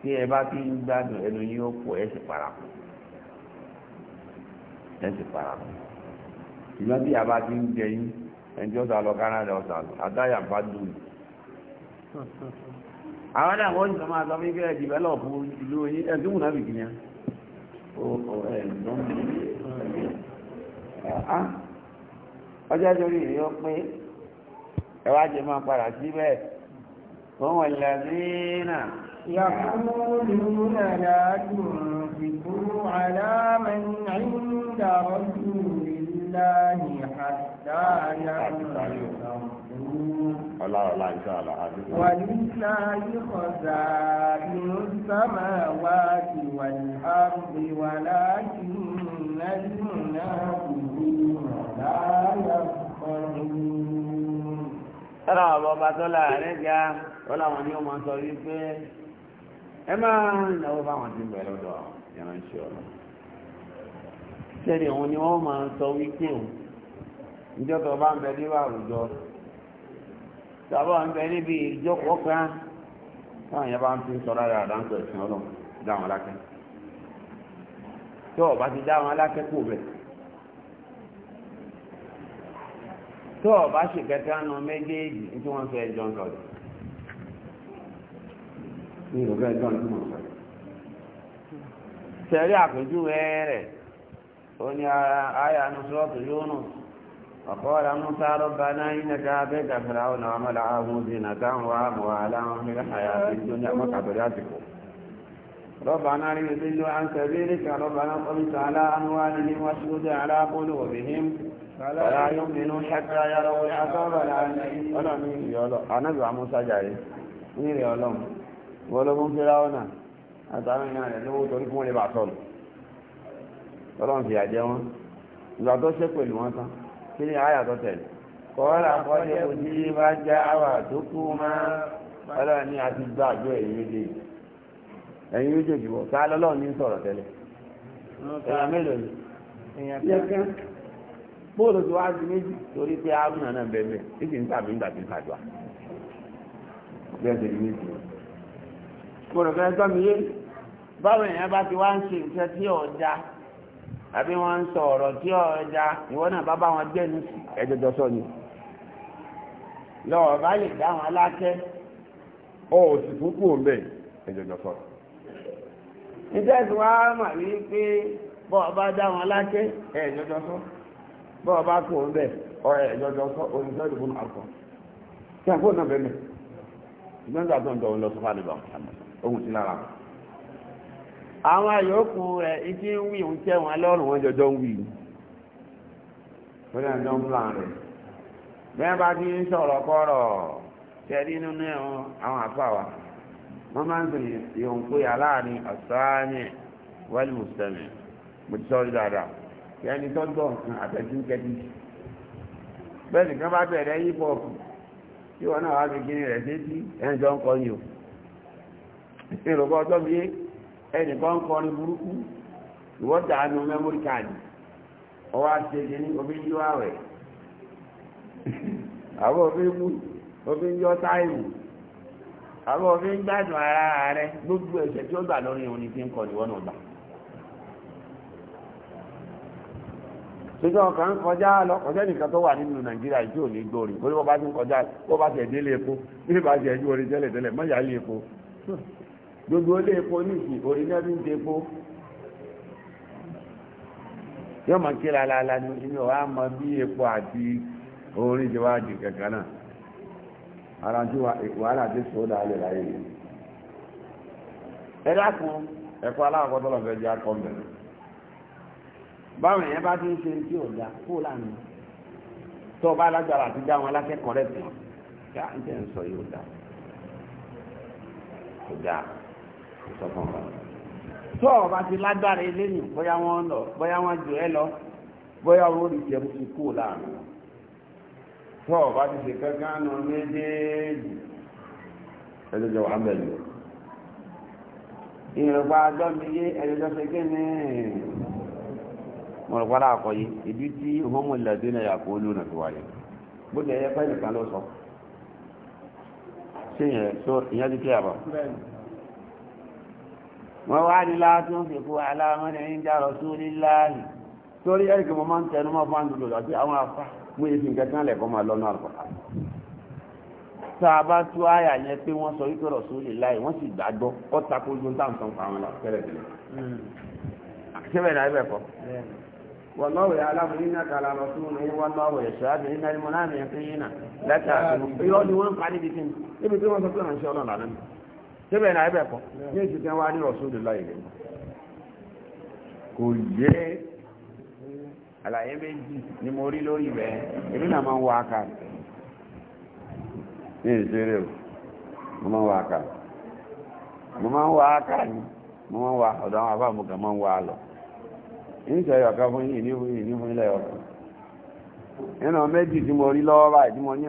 tí ẹ bá ti ń gbádùn ẹnu yín ó pọ̀ ẹ sì parapọ̀ ẹ sì parapọ̀ ṣùgbọ́n bí a bá ti ń jẹ yín ẹni tí ó sá lọ Canada ọ̀sán àtàyà bá dùn yìí àwọn náà wọ́n jùlọ máa sọ fún ìgbẹ́ ìdìbẹ́lọ̀pù ìlú oyin ẹ̀dùn náà bìí ní ọjọ́ ìjọrí ìrìn ó pé ẹwà jẹ máa padà síbẹ̀ wọ́n wọ̀n lẹ́sìn náà يقولون لا تنفقوا على من عند رسول الله حتى ọ̀la ọ̀la ìṣọ́ àlọ́ àbí. wà ní láàyè kọ̀dà ìlú sámà wá ti wà ní àbí wà láàyè nínú náà ìlú ọ̀la ọ̀rùn. ẹ̀rọ ọ̀bọ̀ bàtọ́lá rẹ̀ ga ó láwọn ni ó máa sọ wípé ẹ máa ń náwó báwọn ti bẹ̀rẹ̀ lọ́dọ̀ ìránṣẹ́ ọ̀rọ̀ sẹ́ni òun ni wọ́n máa sọ wípé ìjọba ń bẹ níwá àwùjọ tàbí wọn bẹ níbi ìjókòó kan táwọn yẹn ń fi ń àdáńtò ẹ̀sìn ọlọ́run dá wọn ọba ti dá wọn kò bẹ̀ tó ọba ṣèkẹta nu méjèèjì tí wọ́n fẹ́ jọ ń sọ̀rọ̀ ní ìrọ̀lẹ́ ẹjọ́ ní mọ̀ sọ̀rọ̀ sẹ́rí àpèjúwe rẹ̀ ó ní ara وقال موسى ربنا إنك أبيت فرعون وملعه زينة وأموالا في الحياة الدنيا وكبراتكم ربنا ليضلوا عن سبيلك ربنا طمس على أموالهم واشدد على قلوبهم فلا يؤمنوا حتى يروا العذاب الأليم ولم يروا أنا بقى موسى جاي مين يا ولهم فرعون أتعلم يعني لو تركوا لبعضهم ولهم في عجوة ìgbà tó ṣe kí aya to tó bá jẹ́ àwà tó kú máa ní ẹ̀yìn ẹ̀yìn ká ní sọ̀rọ̀ tẹ́lẹ̀ mélòó ni bóòlù méjì torí pé arúnà náà bẹ́ẹ̀ bẹ́ẹ̀ ń tàbí ń tàbí bẹ́ẹ̀ méjì mi yé àbí wọ́n ń sọ ọ̀rọ̀ tí ọjà ìwọ náà bá bá wọn gbẹ́nu sí ẹjọjọ sọ ni lọ́wọ́ bá lè dá wọn lákẹ́ ọ ò sì fún kúrò mbẹ́ ẹjọjọ sọ. níjẹ́ tí wàá mà wí pé bọ́ ọ bá dá wọn lákẹ́ ẹjọjọ sọ bọ́ ọ bá kúrò mbẹ́ ọ ẹjọjọ sọ oníṣẹ́ ìdìbò náà kọ. kí àkókò náà bẹ́ẹ̀ mẹ́ ìgbẹ́ńgbà tó ń dọ̀ àwọn àyòkù rẹ̀ ìtí ń wí oúnjẹ wọn lọ́rùn wọn jọjọ ń wí ó dẹ̀ ń plan rẹ̀ bẹ́ẹ̀ bá ti ń sọ̀rọ̀ kọ́rọ̀ tẹ́lí nínú àwọn àfa wọ́n máa ń pè ìhùn pé aláàrin ọ̀sánì wẹ́lì mùsùlùmí mo ti sọ́ọ́ dáadáa kí ẹni tó nǹkan bẹ́ẹ̀ nìkan bá bẹ̀rẹ̀ hop tí wọn náà wá fi kiri rẹ̀ sétí ẹni ń kọ́ ẹnìkan kọrin burúkú ìwọ́ta àánú mẹ́mórí káàdì ọwọ́ àṣẹṣe ní omi ń yọ àwẹ̀ àbọ̀ omi mú omi ń yọ táìmù àbọ̀ omi ń gbádùn ara rẹ gbogbo ẹ̀ṣẹ̀ tí ó gbà lórí òun ni fi ń kọ ìwọ́n náà gbà. ṣùgbọ́n ọkàn ń kọjá lọ kọjá nìkan tó wà nínú nàìjíríà ìjọ ní gbòòrì bó bá ti ń kọjá bó bá ti ẹ̀dínlẹ̀ epo bí bá ti ẹ̀jú orin tẹ́lẹ̀ tẹ́lẹ̀ mọ́yà lé epo gbogbo ilé epo ní ìsìn orí náà epo yóò máa kí lálálá ní inú wa mọ bí epo àti orí ìjọba àti kankan náà ara tí wàhálà ti sọ dáa lè láyé yìí ẹ dákun ẹ̀kọ́ aláwọ̀ ebe lọ báwọn èèyàn bá ti ń ṣe tí ò dá kó lánàá tó o bá lágbára àti dá wọn alákẹ́kọ̀ọ́ rẹ̀ sọ̀kan kan tó ọba ti lágbára eléyìí bóyá wọ́n lọ bóyá wọ́n jù ẹ lọ bóyá owó rí jẹ bó ti kú láàrin tó ọba ti ṣe kankan nù méjèèjì ẹlẹ́jọ́ wà bẹ̀rẹ̀ lọ ìrìnpa agbọ́miyé ẹlẹ́jọ́ ṣe kí ni mọ̀rọ̀ padà àkọ́yé ìdí tí homo lẹ́dí náà yàkó lónà tó wáyé bó ti ẹyẹ pẹ́ nìkan ló sọ ṣé ìyẹn tó ìyẹn ti kí àbọ̀ wọ́n wá ní látún fi kú aláàmọ́ni ń járọ tó ní láàrín torí ẹ̀rìkì mọ́ máa ń tẹnu mọ́ fún àdúgbò àti àwọn afá mú èsì nǹkan kan lẹ̀kọ́ máa lọ́nà àlùkọ́ta tá a bá tú àyà yẹn pé wọ́n sọ wípé rọ̀ sóòlì láì wọ́n sì gbàgbọ́ ó tako ojú tá à ń sọ fún àwọn àkẹ́rẹ́ ìdílé àkẹ́rẹ́ ìdílé bẹ̀ kọ́ wọ́n lọ́wọ́ síbẹ̀ náà ẹbẹ̀ kan ní èsì tí ní rọ̀súlù láìlẹ̀ kò yé àlàyé ni mo rí lórí rẹ̀ èmi náà ma ń aka ní o mo ma ń aka mo ma ń aka ni mo ma ń wá ọ̀dọ̀ àwọn àbámu kan máa ń wá lọ níṣẹ́ ìyọ̀ká fún yìí ní fún yìí ní fún ilẹ̀ méjì tí mo rí lọ́wọ́ báyìí tí mo ní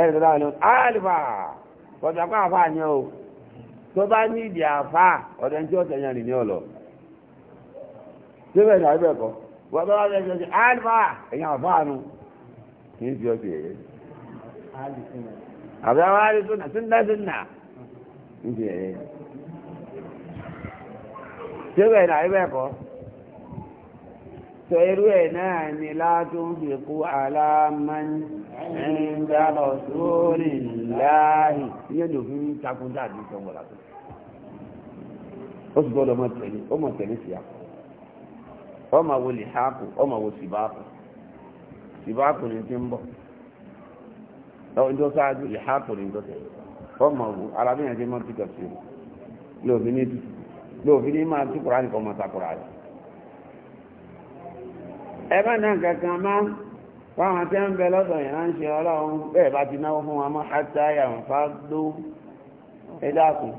ẹ̀rọ láàánú àlùfà ọ̀dọ̀ àfà ni ó tó bá ní ìdí àfà ọ̀dọ̀ tí ó tẹ̀yàn rìn ní ọ̀lọ́ síbẹ̀ tàbí bẹ́ẹ̀ kọ́ wọ́n bá wọ́n fẹ́ ṣe ẹ̀yàn àfà nu fi ọ́ sí ẹ̀yẹ. àbí àwọn ń sọ irú ẹ̀ náà ni aláàmánì. ẹ̀ńdà lọ́sọ́rì láàyè ìyẹn ló fi ń takun dáàbí sọ̀wọ́ làtọ́ ó sì gbọ́dọ̀ mọ̀ tẹ̀lé ó tẹ̀lé sí àpò ó wo lè háàpù ó wo sìbáàpù sìbáàpù ni ti ń bọ̀ lọ́wọ́ ní sáájú lè háàpù ni tó tẹ̀lé ó wo arábìnrin ti mọ́ tìkọ̀ sí i lóòfin ní tutù lóòfin ní máa túkùrá nìkan mọ́ takùrá rẹ̀ ẹ bá náà kankan máa fáwọn tí ń bẹ lọ́dọ̀ yìí ránṣẹ́ ọlọ́run bẹ́ẹ̀ bá ti náwó fún wọn mọ́ àtàyà wọn fá ló ẹdáàkùn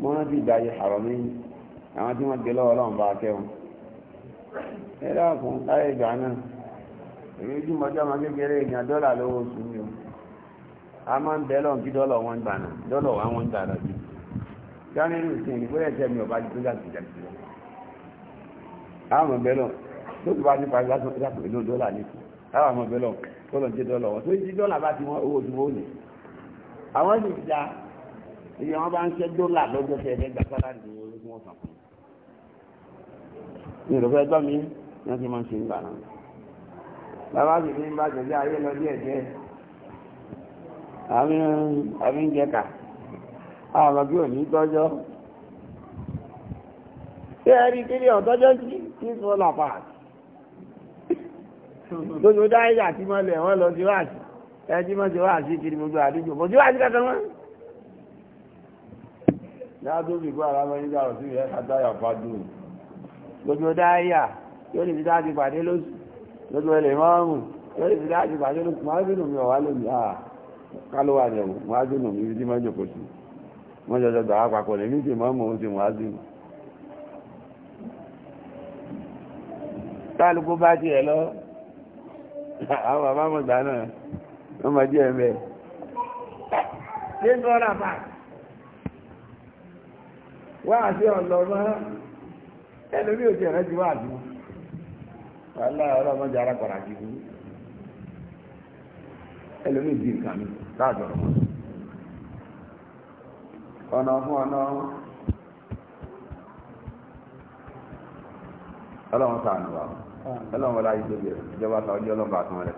mọ́ rántí ìdájẹ́ àrọ̀mí àwọn tí wọ́n gbé lọ́wọ́ ọlọ́run bá kẹwọn ẹdáàkùn láyé ìgbà náà èyí ojú mọ́jọ́ máa kékeré èèyàn dọ́là lówó oṣù mi o tó ti bá ní parí láti ọjọ́ àpò èlò dọ́là ní kù láwọn ọmọ ìbẹ́lọ̀ tó lọ jẹ́ dọ́là wọn tó yí dọ́là bá ti wọ́n owó tí wọ́n ní àwọn sì ti da iye wọn bá ń ṣe dọ́là lọ́jọ́ tẹ ẹ̀ẹ́dẹ́gbà sára ní owó tí wọ́n sàn fún mi ìrọ̀fẹ́ gbọ́ mi ní wọ́n ti máa ń ṣe ń gbà náà bàbá sì fi ń bá jẹ̀jẹ́ ayé lọ díẹ̀ díẹ̀ àmì ń ṣé ẹ rí kí ni ọ̀tọ́jọ́ sí kí sọ́lá lójú dáìjà tí wọ́n lẹ̀ wọ́n lọ sí wáàsí ẹjí wọ́n ti wáàsí kiri gbogbo àdúgbò kò sí wáàsí kankan wọn. dáadó bí kó ara wọn nígbà òsì rẹ àtàyà fàdù lójú dáìjà yóò lè fi dáàbì pàdé lóṣù lójú ẹlẹ mọ́ọ̀mù yóò lè fi dáàbì pàdé lóṣù máa bínú mi ọ̀wá lómi à kálọ̀ wà ní ẹ̀wọ̀n máa ti mọ́ọ̀mù ó àwọn bàbá mọ̀gbà náà wọ́n máa jẹ́ ẹ̀mẹ́ nínú ọ̀rà bá wá àti ọ̀lọ́rọ̀ ẹlòmí òjì ẹ̀rẹ́ ti wá àdúgbò wàhálà Elu ọlọ́run wọlé ayé tóbi rẹ̀ ìjọba ta ọjọ́ ọlọ́run bá tán rẹ̀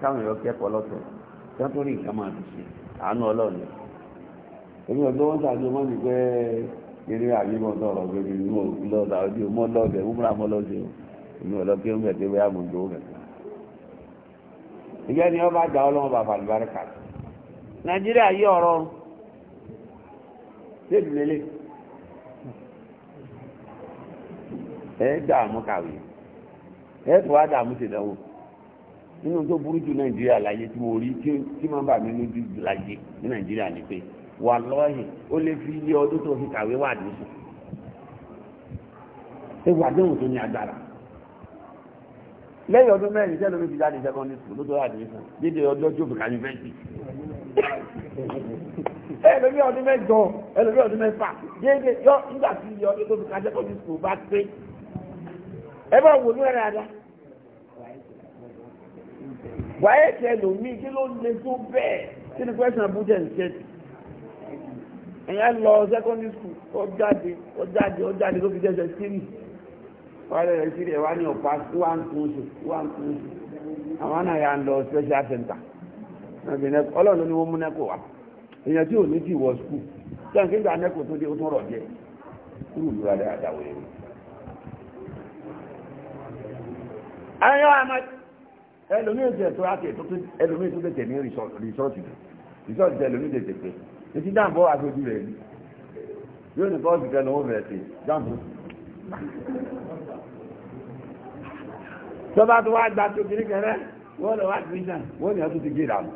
káwọn èèyàn kẹ́kọ̀ọ́ lọ́tọ̀ tí wọ́n tó rí nǹkan máa fi ṣe àánú ọlọ́run ni èmi ọ̀dọ́ wọn ṣàdé wọn ní pé eré àbímọ̀ tọrọ gbèbí inú lọ́dà ọdí mọ́ lọ́dẹ̀ múra mọ́ lọ́dẹ̀ inú ọlọ́kẹ́ ń bẹ̀ tẹ́wé àmúgbò rẹ̀ ìjẹ́ ni ọba àjà ọlọ́run bàbá àlùbáríkà nàìjíríà yí ọ̀rọ̀ ṣéèdì lélẹ̀ ẹ̀ dààmú kàwé ẹ̀fọ́ ádámù ti dánwò nínú tó burú jù nàìjíríà láyé tí mo rí tí ń bà mí láyé ní nàìjíríà fi iye ọdún tó fi kàwé wà nísìn ewu àdéhùn tó ní agbára lẹ́yìn ọdún mẹ́rin mi ti dídé tó fi kàwé fẹ́ǹsì ẹlòmí ọdún mẹ́jọ ẹlòmí ọdún mẹ́fà dídé yọ nígbà tí iye ọdún tó fi kàwé ẹ bá wò ló ẹ dáadáa wàyé tẹ lómi kí ló lè tó bẹ́ẹ̀ kí ni question abuja ń ṣe tì ẹ̀yà lọ secondary school ọjáde ọjáde ọjáde ló fi jẹ́sẹ̀ sírì wàlẹ̀ rẹ̀ sírì ẹ̀ wá ní ọ̀pá wà ń tún oṣù wà ń tún oṣù àwọn náà yà ń lọ special center ọlọ́run ló ní wọ́n mú nẹ́kọ̀ wá èèyàn tí ò ní ti wọ school sẹ́yìn kí n gbà nẹ́kọ̀ tó dé ó tún rọ̀ jẹ́ kúrò lóra dáadáa wọ̀nyẹn. ayọ́ àmà ẹlòmí ìjẹ tó láti ètò tó ẹlòmí tó tètè ní rìsọ́ọ̀tì rìsọ́ọ̀tì tẹ ẹlòmí tètè pé etí dáàbọ̀ aṣojú rẹ̀ ni yóò ní kọ́ọ̀sì tẹ lọ́wọ́ bẹ̀rẹ̀ sí dáàbọ̀. tọ́ba tó wá gba tó kiri kẹrẹ wọ́n lọ wá gbìyànjú wọ́n ní ọdún ti gé ìdààmú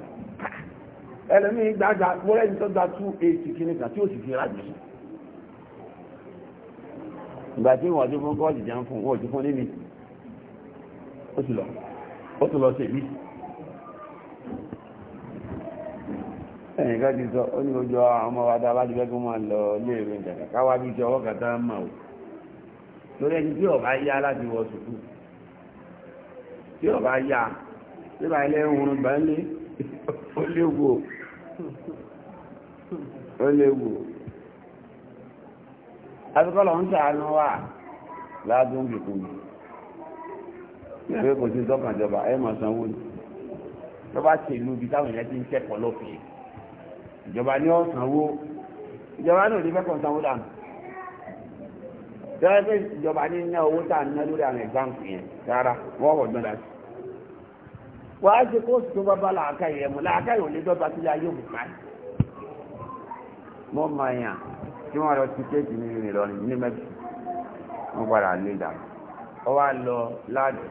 ẹlòmí gbàgbà wọ́n rẹ̀ ní tó gba two eight kiri kan tí ó sì fi rájò sí ìgbà tí wọ́n ti fún kọ́ọ̀sì jẹun fún wọ́n ti fún níbi ó ti lọ ó tó lọ sí èmi ẹ̀yìn ká ti sọ ó ní ojú ọmọ wa dá bájú gẹ́gẹ́ máa lọ léèrè ìjàkà káwá bí ti ọwọ́ kàtà máa wò lórí ẹni tí ọba yá láti wọ sùkú tí ọba yá nígbà ilé ìwòrán ìgbà ilé ó léwu ó léwu àbíkọ́ ń sàánú wà ládùn gbìkúgbì pé kò sí dọ́kàn ìjọba ẹ máa sanwó ni tó bá ṣe ìlú ibi táwọn èèyàn ti ń kẹ́kọ̀ọ́ lọ́fẹ̀ẹ́ ìjọba ní ó sanwó ìjọba náà ní fẹ́kọ̀ọ́ sanwó dànù tẹ́lẹ̀ pé ìjọba ní ná owó tá à ń ná lórí àwọn ẹ̀gbáǹkì yẹn rárá wọ́n wọ̀ gbọ́dọ̀ sí wọ́n á ṣe kóòtù tó bá bá làákà yẹn mú làákà yóò lé dọ́gba sílé ayé òkú ká mọ́ máa yàn tí wọ́n lọ sí kéèkì nínú Ìlọrin ní wọ́n padà lé dànù ọ wá lọ láàdùn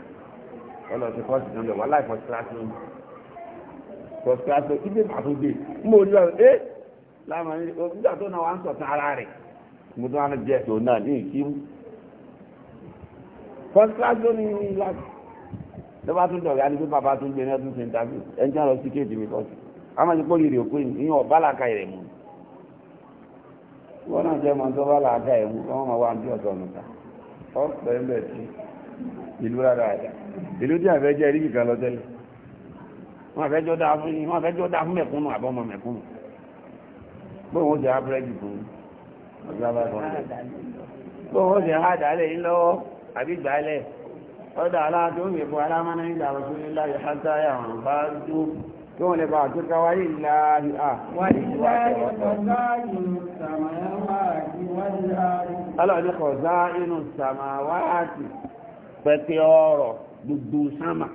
ẹ lọ sí fọ́ọ̀sì tó ń lọ wà láì fọ́ọ̀sì kíláàsì ní fọ́ọ̀sì kíláàsì tó ibi màá tó dé mo ní ọ̀rọ̀ ẹ́ eh, láàmú nígbà tó náà wà ń sọ̀tàn ara rẹ̀ mo tó wà ní jẹ́ tó náà ní ìkíwú fọ́ọ̀sì kíláàsì tó ní láti lọ́ba tó dọ̀rọ̀ yá ni pé bàbá tó ń gbé ní ọdún sèǹtàfíù ẹ̀ ń jẹ́ ọ̀rọ̀ sí kéèdì mi fọ́ọ̀sì àmọ́ ti kó rírì òkú ìyàn ọ̀bá làkà rẹ̀ mú wọ́n náà jẹ́ ọmọ tó bá làkà rẹ̀ mú wọ́n máa wá ní ọ̀dọ́ ọ̀nà ọ̀pẹ̀ ń bẹ̀ sí ìlú rárá ẹ̀dá ìlú tí àfẹ́ jẹ́ ríkì kan lọ tẹ́lẹ̀ wọ́n àfẹ́jọ́ dá fún yín wọ́n àfẹ́jọ́ dá fún mẹ̀kúnnù àbọ́mọ mẹ̀kúnnù bóun ó jẹ́ ábúrẹ́jì fún ọjọ́ bá tọ́ bóun ó jẹ́ àdálẹ̀ yín lọ́wọ́ àbí gbàálẹ̀ ọ̀dà aláàtò ń yẹ̀bọ̀ alámánà ìjà ọ̀tún kí wọ́n lè bá àtúkà wáyé ìlà ìhà wáyé ìwà ọ̀tọ̀ gbogbo sáàmà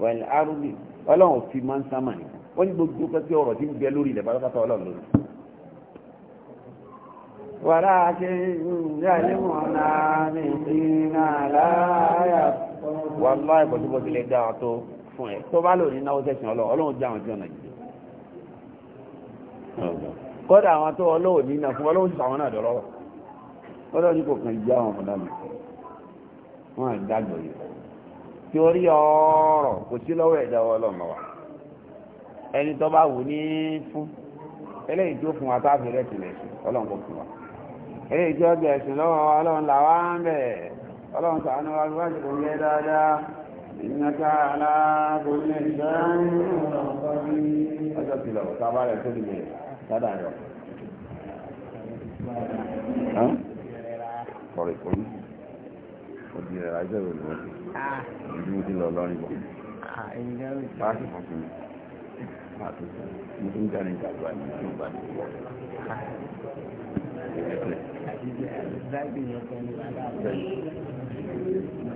wẹ̀lẹ̀ arúgbì ọlọ́run fi máa ń sáàmà nìkan wọ́n ní gbogbo pẹ́pẹ́ ọ̀rọ̀ tí ń bẹ lórí ilẹ̀ pátápátá ọlọ́run lórí. wàrà ṣe ń jáde mọ́nà ní ìsinmi aláyà wà láì bọ́tíbọ́tí lè dá tó fún ẹ tó bá lò ní náwó sẹ́sìn ọlọ́run ọlọ́run já àwọn tí ọ̀nà jù kọ́dà àwọn tó ọlọ́run ní náà fún ọlọ́run sì sàwọn náà dọ̀rọ̀ ọlọ́run ní kò kàn yí àwọn ọ̀fọ̀dà mi wọ́n á yìí torí ọ̀rọ̀ kò sí lọ́wọ́ ẹ̀dá ọlọ́mọ wa ẹni tó bá wù ní fún eléyìí tó fún wa táàbì rẹ̀ tìlẹ̀ sí ọlọ́run kò fún wa eléyìí tó bẹ̀ sí lọ́wọ́ wa ọlọ́run là wá ń bẹ̀ ọlọ́run sàánú wa wá sí kò yẹ dáadáa ìnáta aláàbò ní ẹ̀dá ọjọ́ ti lọ sábà rẹ̀ tó dìbò dáadáa yọ. Sorry, ìlú ah. ti lọ lọ́rin bọ̀ láti fún fún mi tó ń jáde ìjàgbá ní tó bá ti wọ̀ Thank ah. you.